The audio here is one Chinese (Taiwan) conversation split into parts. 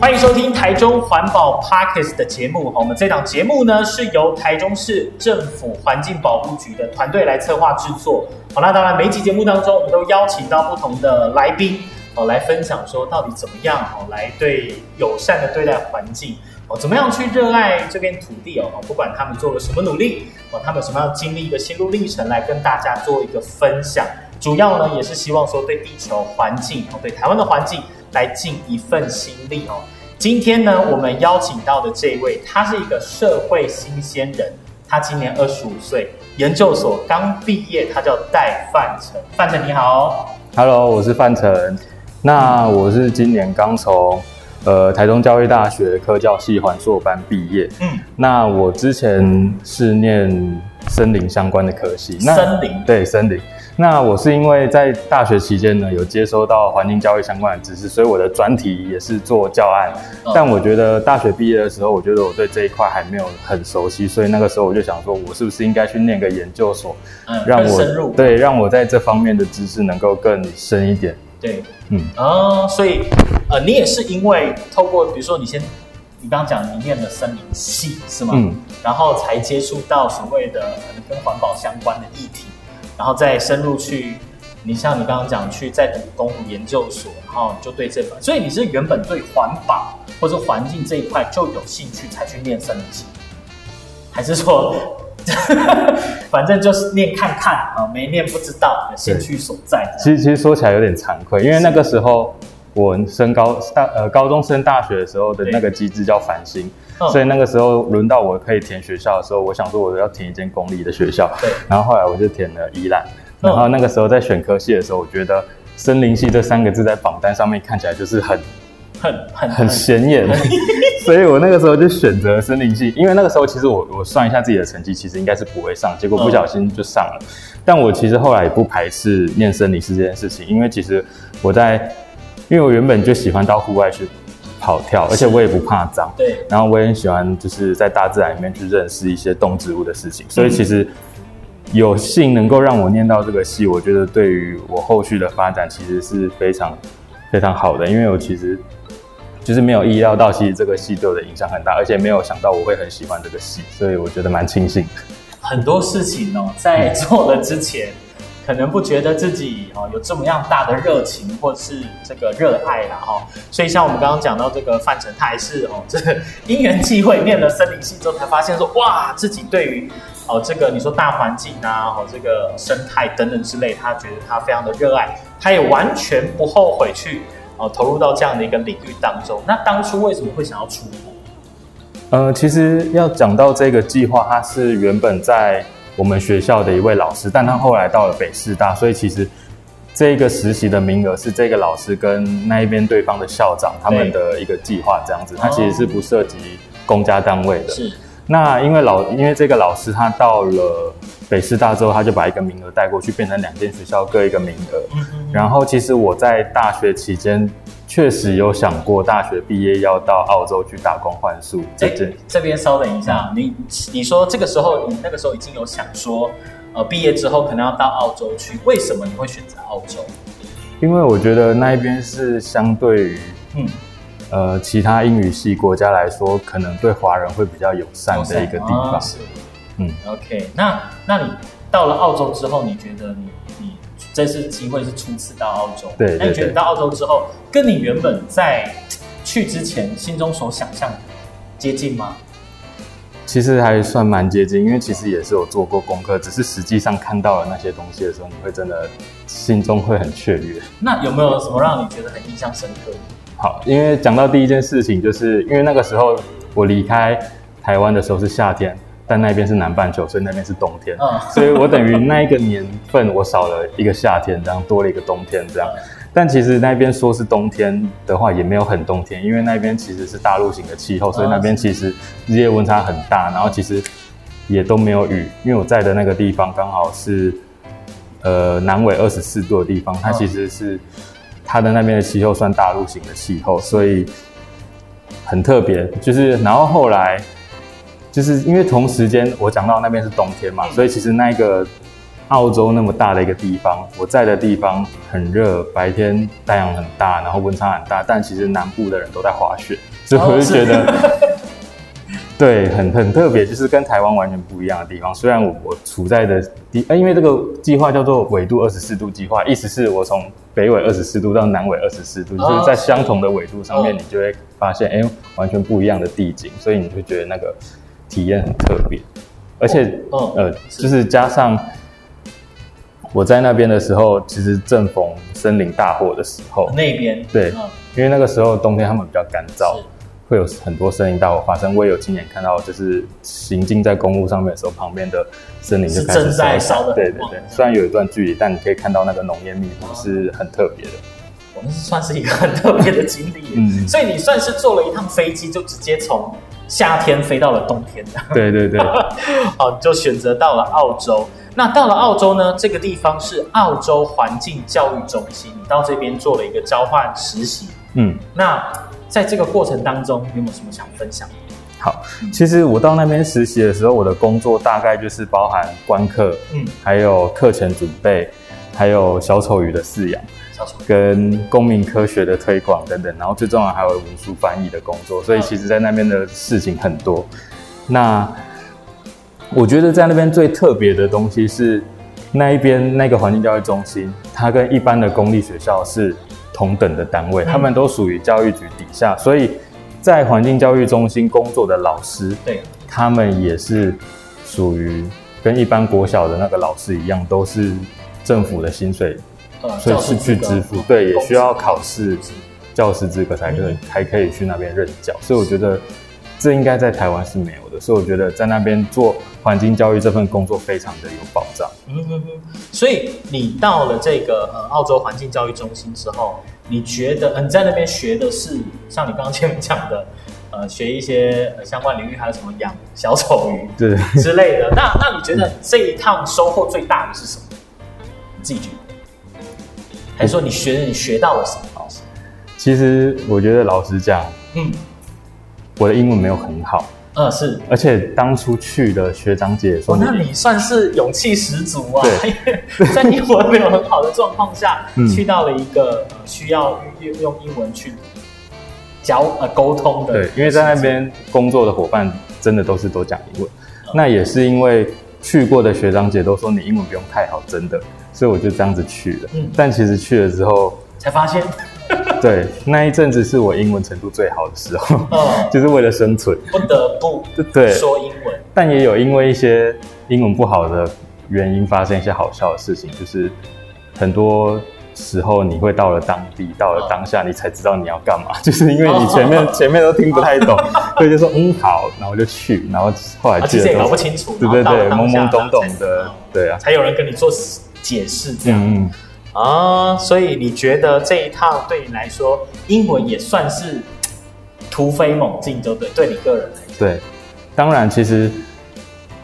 歡迎收聽台中環保 Podcast 的節目。好，我們這檔節目呢，是由台中市政府環境保護局的團隊來策劃製作。好，那當然每一集節目當中，我們都邀請到不同的來賓，哦，來分享說到底怎麼樣，哦，來對友善的對待環境，哦，怎麼樣去熱愛這片土地哦。不管他們做了什麼努力，哦，他們什麼樣經歷的心路歷程，來跟大家做一個分享。主要呢，也是希望說對地球環境，哦，對台灣的環境。來盡一份心力哦。今天呢，我們邀請到的這一位，他是一個社會新鮮人，他今年二十五歲，研究所剛畢業，他叫戴梵宸。梵宸你好。Hello，我是梵宸。那我是今年剛從呃台中教育大學科教系環碩班畢業。嗯，那我之前是念森林相關的科系，那森林對森林。那我是因為在大學期間呢，有接收到環境教育相關的知識，所以我的專題也是做教案。嗯、但我覺得大學畢業的時候，我覺得我對這一塊還沒有很熟悉，所以那個時候我就想說，我是不是應該去念個研究所，嗯，讓我深入對，讓我在這方面的知識能夠更深一點。對，嗯啊，所以呃，你也是因為透過比如說你先你剛講你念的森林系是嗎？嗯。然後才接觸到所謂的可能跟環保相關的議題。然後再深入去，你像你剛剛講去在讀公務研究所，然後你就對這個，所以你是原本對環保或者環境這一塊就有興趣才去念升級，還是說， 反正就是念看看啊，沒念不知道你的興趣所在？對樣其實其實說起來有點慚愧，因為那個時候我升高大呃、高中升大學的時候的那個機制叫繁星。所以那個時候輪到我可以填學校的時候，我想說我要填一間公立的學校。對。然後後來我就填了宜蘭。然後那個時候在選科系的時候，我覺得“森林系”這三個字在榜單上面看起來就是很、很、很、很顯眼。 所以我那個時候就選擇森林系，因為那個時候其實我我算一下自己的成績，其實應該是不會上，結果不小心就上了。嗯、但我其實後來也不排斥念森林系這件事情，因為其實我在，因為我原本就喜歡到戶外去。跑跳，而且我也不怕髒。對，然後我也很喜歡，就是在大自然裡面去認識一些動植物的事情。嗯、所以其實有幸能夠讓我念到這個系，我覺得對於我後續的發展其實是非常非常好的。因為我其實就是沒有意料到，其實這個系對我的影響很大，而且沒有想到我會很喜歡這個系。所以我覺得蠻慶幸很多事情呢、哦，在做了之前。嗯可能不覺得自己哦有這麼樣大的熱情或是這個熱愛了哈、哦，所以像我們剛剛講到這個梵宸是哦，這、就、個、是、因緣際會念了森林系之後才發現說哇，自己對於哦這個你說大環境啊，哦這個生態等等之類，他覺得他非常的熱愛，他也完全不後悔去哦投入到這樣的一個領域當中。那當初為什麼會想要出國？呃，其實要講到這個計劃，它是原本在。我們學校的一位老師，但他後來到了北市大，所以其實這個實習的名額是這個老師跟那一邊對方的校長他們的一個計劃這樣子，他其實是不涉及公家單位的。那因為老因為這個老師他到了北市大之後，他就把一個名額帶過去，變成兩間學校各一個名額。然後其實我在大學期間。確實有想過大學畢業要到澳洲去打工換宿。哎，這邊稍等一下，你你說這個時候你那個時候已經有想說，呃，畢業之後可能要到澳洲去，為什麼你會選擇澳洲？因為我覺得那一邊是相對於嗯呃其他英語系國家來說，可能對華人會比較友善的一個地方。哦，是，嗯，OK，那那你到了澳洲之後，你覺得你你？這次機會是初次到澳洲，對。那你覺得到澳洲之後，跟你原本在去之前心中所想象的接近嗎？其實還算蠻接近，因為其實也是有做過功課，只是實際上看到了那些東西的時候，你會真的心中會很雀躍。那有沒有什麼讓你覺得很印象深刻？好，因為講到第一件事情，就是因為那個時候我離開台灣的時候是夏天。但那邊是南半球，所以那邊是冬天。嗯，所以我等於那一個年份，我少了一個夏天，這樣多了一個冬天，這樣。但其實那邊說是冬天的話，也沒有很冬天，因為那邊其實是大陸型的氣候，所以那邊其實日夜溫差很大，然後其實也都沒有雨，因為我在的那個地方剛好是呃南緯二十四度的地方，它其實是它的那邊的氣候算大陸型的氣候，所以很特別。就是然後後來。就是因為同時間，我講到那邊是冬天嘛，所以其實那個澳洲那麼大的一個地方，我在的地方很熱，白天太陽很大，然後溫差很大，但其實南部的人都在滑雪，所以我就覺得、哦、 對，很很特別，就是跟台灣完全不一樣的地方。雖然我我處在的地，欸、因為這個計劃叫做緯度二十四度計劃，意思是我從北緯二十四度到南緯二十四度，就是在相同的緯度上面，你就會發現哎、欸，完全不一樣的地景，所以你就覺得那個。體驗很特別，而且，哦哦、呃，是就是加上我在那邊的時候，其實正逢森林大火的時候。那邊。對，嗯、因為那個時候冬天他們比較乾燥，是會有很多森林大火發生。我也有親眼看到，就是行進在公路上面的時候，旁邊的森林就正在燒的。對對對，雖然有一段距離，但你可以看到那個濃煙密度是很特別的。我們、哦、算是一個很特別的經歷， 嗯、所以你算是坐了一趟飛機，就直接從。夏天飛到了冬天，對對對， 好，你就選擇到了澳洲。那到了澳洲呢？這個地方是澳洲環境教育中心，你到這邊做了一個交換實習。嗯，那在這個過程當中，你有沒有什麼想分享的？好，其實我到那邊實習的時候，我的工作大概就是包含觀課，嗯，還有課前準備，還有小丑魚的飼養。跟公民科學的推廣等等，然後最重要，還有文書翻譯的工作，所以其實，在那邊的事情很多。那我覺得在那邊最特別的東西是，那一邊那個環境教育中心，它跟一般的公立學校是同等的單位，他們都屬於教育局底下，所以在環境教育中心工作的老師，對，他們也是屬於跟一般國小的那個老師一樣，都是政府的薪水。呃、所以是去支付，嗯、對，也需要考試教師資格才可以，嗯、才可以去那邊任教。嗯、所以我覺得這應該在台灣是沒有的。所以我覺得在那邊做環境教育這份工作非常的有保障。嗯嗯，嗯，所以你到了這個呃澳洲環境教育中心之後，你覺得你在那邊學的是像你剛剛前面講的，呃，學一些呃相關領域，還有什麼養小丑魚，對之類的。對那那你覺得這一趟收穫最大的是什麼？你自己覺得？還說你學你學到了什麼？老師，其實我覺得老實講，嗯，我的英文沒有很好，嗯，是，而且當初去的學長姐說，哦，那你算是勇氣十足啊！對 在英文沒有很好的狀況下，嗯、去到了一個需要用用英文去交呃溝通的，對，因為在那邊工作的伙伴真的都是都講英文，嗯、那也是因為去過的學長姐都說你英文不用太好，真的。所以我就這樣子去了，但其實去了之後才發現，對，那一陣子是我英文程度最好的時候，就是為了生存不得不對說英文。但也有因為一些英文不好的原因，發生一些好笑的事情，就是很多時候你會到了當地，到了當下，你才知道你要幹嘛，就是因為你前面前面都聽不太懂，所以就說嗯好，然後就去，然後後來其實也搞不清楚，對對對，懵懵懂懂的，對啊，才有人跟你做解釋這樣，嗯、啊，所以你覺得這一套對你來說，英文也算是突飛猛進，對不對？對你個人來說，對，當然其實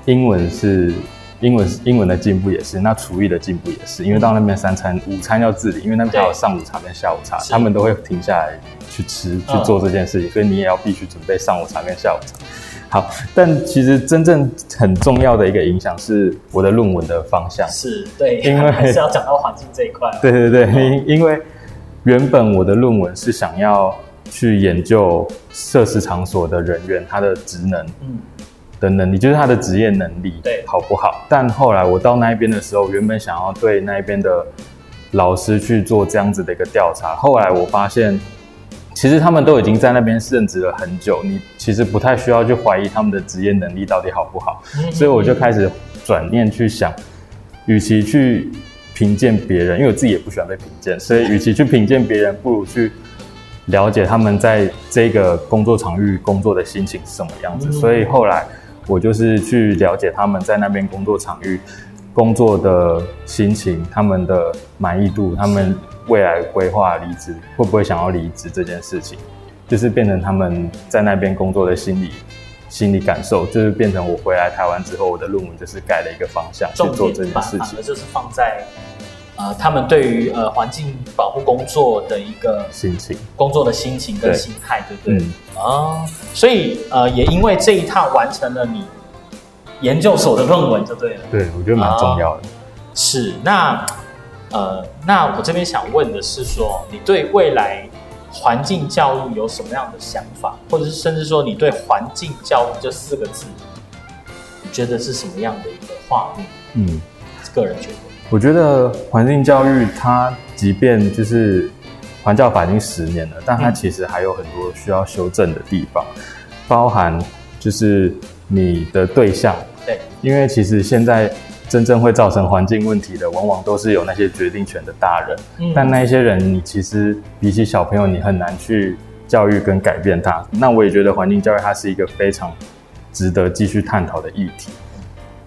英文是英文，是英文是，英文的進步也是，那廚藝的進步也是，因為到那邊三餐，嗯、午餐要自理，因為那邊還有上午茶跟下午茶，對他們都會停下來去吃，是去做這件事情，嗯、所以你也要必須準備上午茶跟下午茶。好，但其實真正很重要的一個影響是我的論文的方向，是對，因為還是要講到環境這一塊。對對對，哦、因為原本我的論文是想要去研究設施場所的人員他的職能，嗯，的能力，嗯、就是他的職業能力，對，好不好？但後來我到那邊的時候，原本想要對那邊的老師去做這樣子的一個調查，後來我發現。其實他們都已經在那邊任職了很久，你其實不太需要去懷疑他們的職業能力到底好不好。嗯，所以我就開始轉念去想，與其去評鑑別人，因為我自己也不喜歡被評鑑，所以與其去評鑑別人，不如去了解他們在這個工作場域工作的心情是什麼樣子。所以後來我就是去了解他們在那邊工作場域。工作的心情、他們的滿意度、他們未來規劃、離職是會不會想要離職這件事情，就是變成他們在那邊工作的心理、心理感受，就是變成我回來台灣之後，我的論文就是改了一個方向去做這件事情。重點就是放在，呃、他們對於呃環境保護工作的一個心情、工作的心情跟心態，對,對不對？啊、嗯哦，所以呃，也因為這一趟完成了你。研究所的論文就對了。對，我覺得蠻重要的。呃、是那呃，那我這邊想問的是說，說你對未來環境教育有什麼樣的想法，或者是甚至說你對環境教育這四個字，你覺得是什麼樣的一個畫面？嗯，個人覺得，我覺得環境教育它即便就是環教法已經十年了，但它其實還有很多需要修正的地方，嗯、包含就是。你的對象，對，因為其實現在真正會造成環境問題的，往往都是有那些決定權的大人。嗯，但那些人，你其實比起小朋友，你很難去教育跟改變他。那我也覺得環境教育它是一個非常值得繼續探討的議題。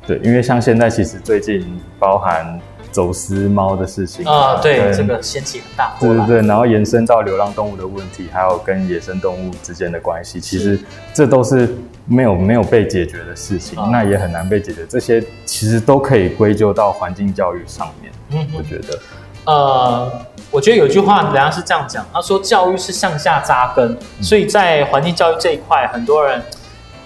對，因為像現在其實最近包含走私貓的事情啊，呃，對，這個掀起很大，對對對，然後延伸到流浪動物的問題，還有跟野生動物之間的關係，其實這都是。沒有沒有被解決的事情，啊、那也很難被解決。這些其實都可以歸咎到環境教育上面。嗯哼，我覺得，呃，我覺得有句話人家是這樣講，他說教育是向下扎根，嗯、所以在環境教育這一塊，很多人，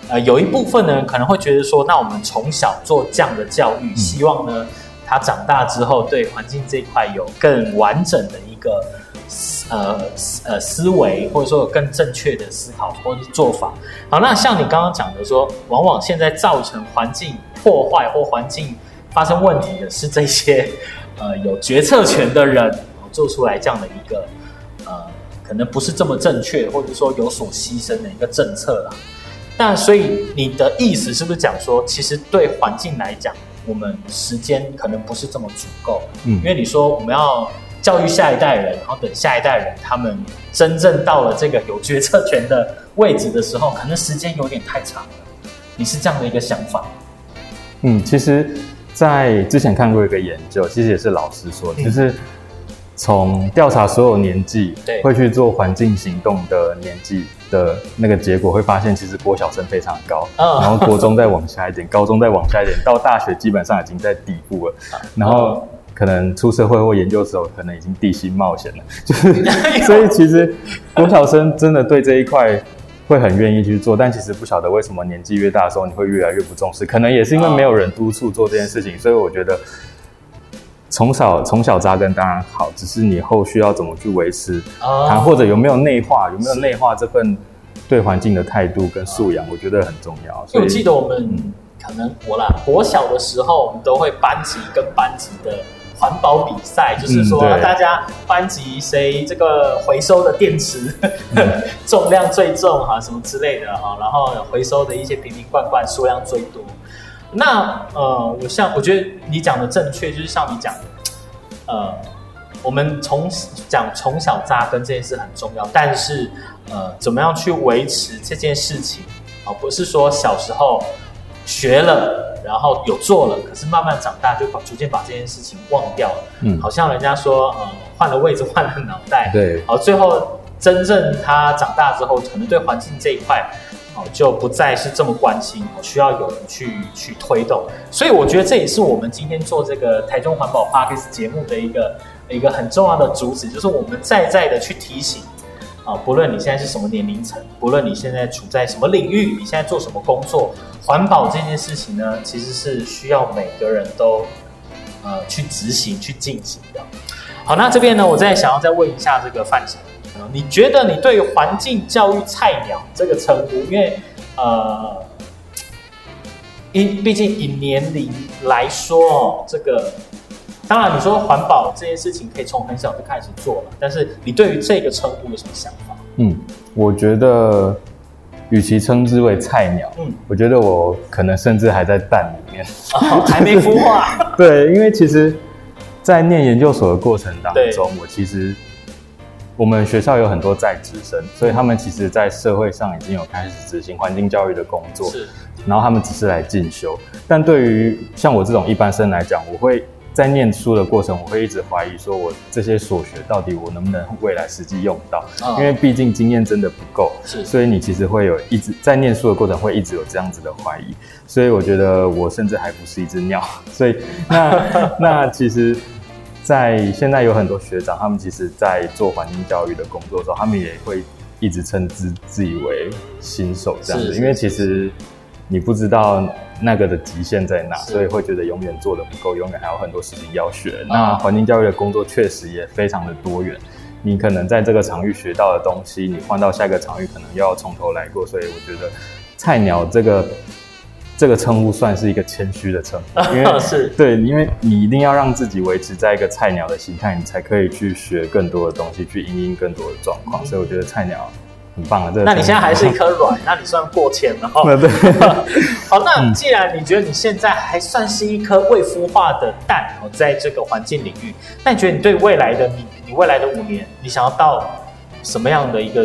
呃，有一部分的人可能會覺得說，那我們從小做這樣的教育，嗯、希望呢，他長大之後對環境這一塊有更完整的。一個思呃思呃思維，或者說更正確的思考或者是做法。好，那像你剛剛講的說，往往現在造成環境破壞或環境發生問題的是這些呃有決策權的人做出來這樣的一個呃可能不是這麼正確，或者說有所犧牲的一個政策啦。但所以你的意思是不是講說，其實對環境來講，我們時間可能不是這麼足夠？嗯，因為你說我們要。教育下一代人，然後等下一代人他們真正到了這個有決策權的位置的時候，可能時間有點太長了。你是這樣的一個想法？嗯，其實在之前看過一個研究，其實也是老師說，其實從調查所有年紀、嗯、會去做環境行動的年紀的那個結果，會發現其實國小生非常高，哦、然後國中再往下一點， 高中再往下一點，到大學基本上已經在底部了，好然後。可能出社會或研究的時候，可能已經地心冒險了。就是，所以其實國小生真的對這一塊會很願意去做，但其實不曉得為什麼年紀越大的時候，你會越來越不重視。可能也是因為沒有人督促做這件事情，啊、所以我覺得從小從小扎根當然好，只是你後續要怎麼去維持，啊，或者有沒有內化，有沒有內化這份對環境的態度跟素養，啊、我覺得很重要。所以我記得我們、嗯、可能我啦，我小的時候我們都會班級跟班級的。環保比賽就是說，嗯、大家班級誰這個回收的電池、嗯、 重量最重哈、啊，什麼之類的哈、啊，然後回收的一些瓶瓶罐罐數量最多。那呃，我像我覺得你講的正確，就是像你講的，呃，我們從講從小扎根這件事很重要，但是呃，怎麼樣去維持這件事情啊？不是說小時候學了。然後有做了，可是慢慢長大就把逐漸把這件事情忘掉了。嗯，好像人家說，呃，換了位置，換了腦袋。對，好，最後真正他長大之後，可能對環境這一塊，哦、就不再是這麼關心，需要有人去去推動。所以我覺得這也是我們今天做這個台中環保發 a s 節目的一個一個很重要的主旨，就是我們再再的去提醒。啊、哦，不論你現在是什麼年齡層，不論你現在處在什麼領域，你現在做什麼工作，環保這件事情呢，其實是需要每個人都，呃、去執行、去進行的。好，那這邊呢，我再想要再問一下這個梵宸、呃，你覺得你對於“環境教育菜鳥這、呃”這個稱呼，因為呃，因畢竟以年齡來說，這個。當然，你說環保這件事情可以從很小就開始做了，但是你對於這個稱呼有什麼想法？嗯，我覺得，與其稱之為菜鳥，嗯，我覺得我可能甚至還在蛋裡面，還沒孵化。對，因為其實，在念研究所的過程當中，對我其實我們學校有很多在職生，所以他們其實，在社會上已經有開始執行環境教育的工作，是，然後他們只是來進修。但對於像我這種一般生來講，我會。在念書的過程，我會一直懷疑，說我這些所學到底我能不能未來實際用到？啊，因為畢竟經驗真的不夠，是是，所以你其實會有一直在念書的過程，會一直有這樣子的懷疑。所以我覺得我甚至還不是一隻鳥。所以那 那其實，在現在有很多學長，他們其實，在做環境教育的工作的時候，他們也會一直稱之自以為新手這樣子，是是是是，因為其實你不知道。那個的極限在哪？是所以會覺得永遠做得不夠，永遠還有很多事情要學。那環境教育的工作確實也非常的多元，你可能在這個場域學到的東西，你換到下一個場域可能又要從頭來過。所以我覺得“菜鳥，這個”這個這個稱呼算是一個謙虛的稱呼，因為 是對，因為你一定要讓自己維持在一個菜鳥的心態，你才可以去學更多的東西，去因應更多的狀況。嗯、所以我覺得“菜鳥”。啊這個、那你現在還是一顆卵， 那你算破殼了哈。 啊、 好，那既然你覺得你現在還算是一顆未孵化的蛋、哦、在這個環境領域，那你覺得你對未來的你，你未來的五年，你想要到什麼樣的一個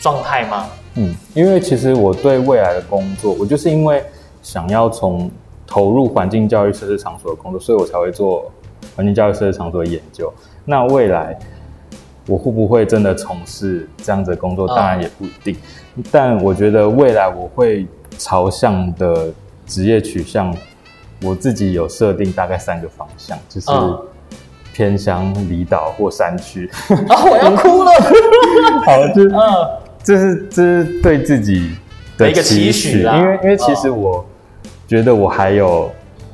狀態嗎？嗯，因為其實我對未來的工作，我就是因為想要從投入環境教育設施場所的工作，所以我才會做環境教育設施場所的研究。那未來。我會不會真的從事這樣子的工作？當然也不一定，嗯、但我覺得未來我會朝向的職業取向，我自己有設定大概三個方向，就是偏鄉、離島或山區。嗯、 啊，我要哭了！ 好，就、嗯、這是這是對自己的一個期許啊，因為因為其實我、嗯、覺得我還有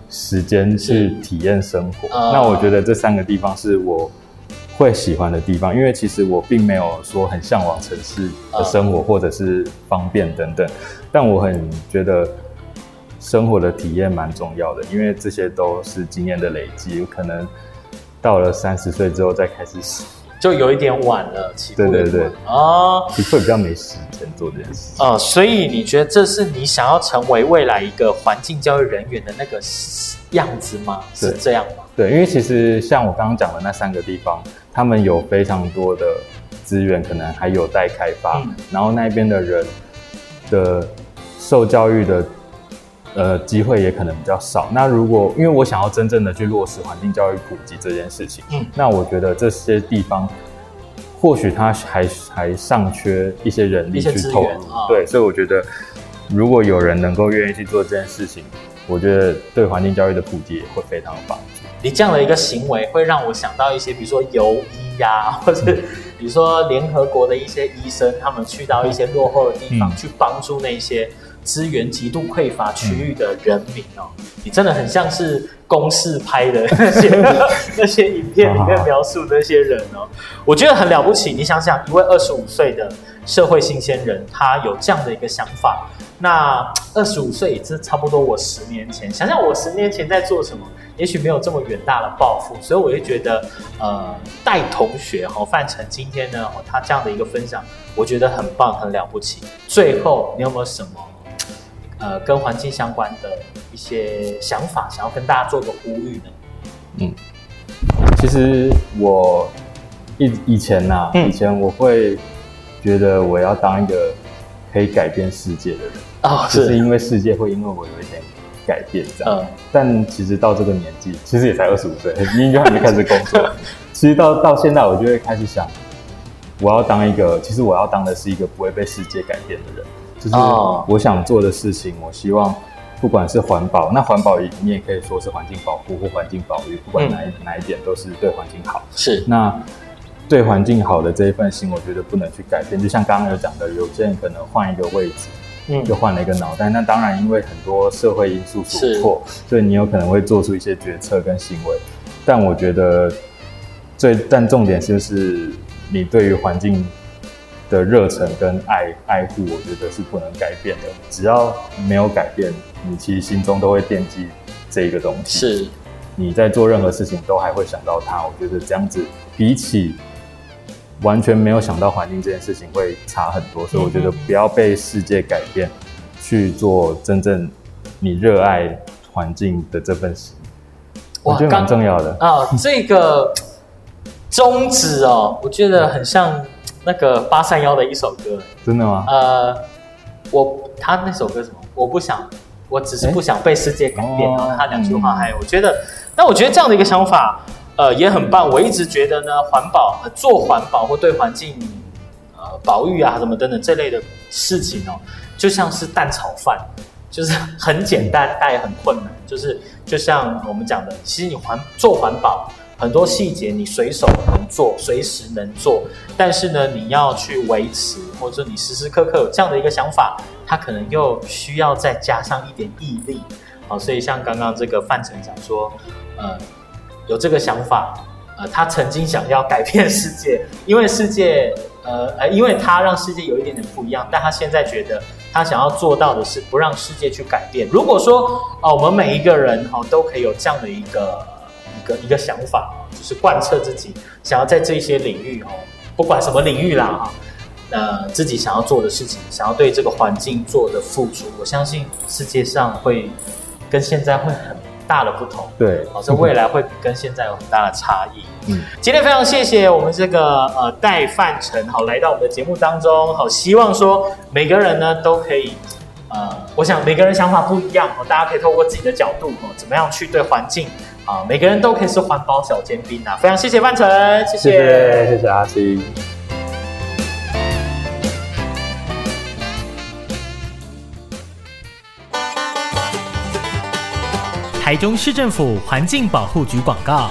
時間去體驗生活，嗯、那我覺得這三個地方是我。會喜歡的地方，因為其實我並沒有說很嚮往城市的生活，嗯、或者是方便等等。但我很覺得生活的體驗蠻重要的，因為這些都是經驗的累積。可能到了三十歲之後再開始，就有一點晚了。其實。對對對啊，你會、哦、比較沒時間做這件事啊、嗯。所以你覺得這是你想要成為未來一個環境教育人員的那個樣子嗎？是這樣嗎？對，因為其實像我剛剛講的那三個地方，他們有非常多的資源，可能還有待開發。嗯。然後那邊的人的受教育的呃機會也可能比較少。那如果因為我想要真正的去落實環境教育普及這件事情，嗯。那我覺得這些地方或許他還還尚缺一些人力去投入。一些資源，哦、對，所以我覺得如果有人能夠願意去做這件事情，我覺得對環境教育的普及也會非常棒。你這樣的一個行為，會讓我想到一些，比如說遊醫呀、啊，或者比如說聯合國的一些醫生，他們去到一些落後的地方去幫助那些。嗯嗯資源極度匱乏區域的人民哦、喔，你真的很像是公視拍的那些 那些影片裡面描述那些人哦、喔，我覺得很了不起。你想想，一位二十五歲的社會新鮮人，他有這樣的一個想法，那二十五歲也是差不多我十年前。想想我十年前在做什麼，也許沒有這麼遠大的抱負，所以我就覺得，呃，戴同學哈、喔，梵宸今天呢，他這樣的一個分享，我覺得很棒，很了不起。最後，你有沒有什麼？呃，跟環境相關的一些想法，想要跟大家做一個呼籲呢。嗯，其實我以以前呢、啊嗯、以前我會覺得我要當一個可以改變世界的人哦，是就是因為世界會因為我有一點改變這樣。嗯、但其實到這個年紀，其實也才二十五歲，應該還沒開始工作。 其實到到現在，我就會開始想，我要當一個，其實我要當的是一個不會被世界改變的人。就是我想做的事情，哦、我希望不管是環保，那環保也你也可以說是環境保護或環境保育，不管哪一、嗯、哪一點都是對環境好。是那對環境好的這一份心，我覺得不能去改變。就像剛剛有講的，有些人可能換一個位置，嗯，就換了一個腦袋。嗯、那當然，因為很多社會因素所迫，是所以你有可能會做出一些決策跟行為。但我覺得最但重點就是你對於環境。的熱忱跟愛愛護，我覺得是不能改變的。只要沒有改變，你其實心中都會惦記這個東西。是，你在做任何事情都還會想到它。我覺得這樣子，比起完全沒有想到環境這件事情會差很多。所以我覺得不要被世界改變，嗯嗯，去做真正你熱愛環境的這份事，我覺得蠻重要的啊。這個宗旨哦， 我覺得很像。那個八三夭的一首歌，真的嗎？呃，我他那首歌什麼？我不想，我只是不想被世界改變。誒然後他兩句話還有，我覺得，那我覺得這樣的一個想法，呃，也很棒。我一直覺得呢，環保、呃、做環保或對環境呃，保育啊什麼等等這類的事情哦，就像是蛋炒飯，就是很簡單，但也很困難。就是就像我們講的，其實你環做環保。很多細節你隨手能做、隨時能做，但是呢，你要去維持，或者說你時時刻刻有這樣的一個想法，它可能又需要再加上一點毅力。好，所以像剛剛這個梵宸講說，呃，有這個想法，呃，他曾經想要改變世界，因為世界，呃，因為他讓世界有一點點不一樣，但他現在覺得他想要做到的是不讓世界去改變。如果說，哦，我們每一個人、哦、都可以有這樣的一個。一個想法就是貫徹自己想要在這些領域哦，不管什麼領域啦哈呃，自己想要做的事情，想要對這個環境做的付出，我相信世界上會跟現在會很大的不同，對，好、哦，像未來會跟現在有很大的差異。嗯，今天非常謝謝我們這個呃戴梵宸好來到我們的節目當中，好，希望說每個人呢都可以呃，我想每個人想法不一樣哦，大家可以透過自己的角度哦，怎麼樣去對環境。啊，每個人都可以是環保小尖兵啊！非常謝謝梵宸，謝謝謝謝，謝謝阿基。台中市政府環境保護局廣告。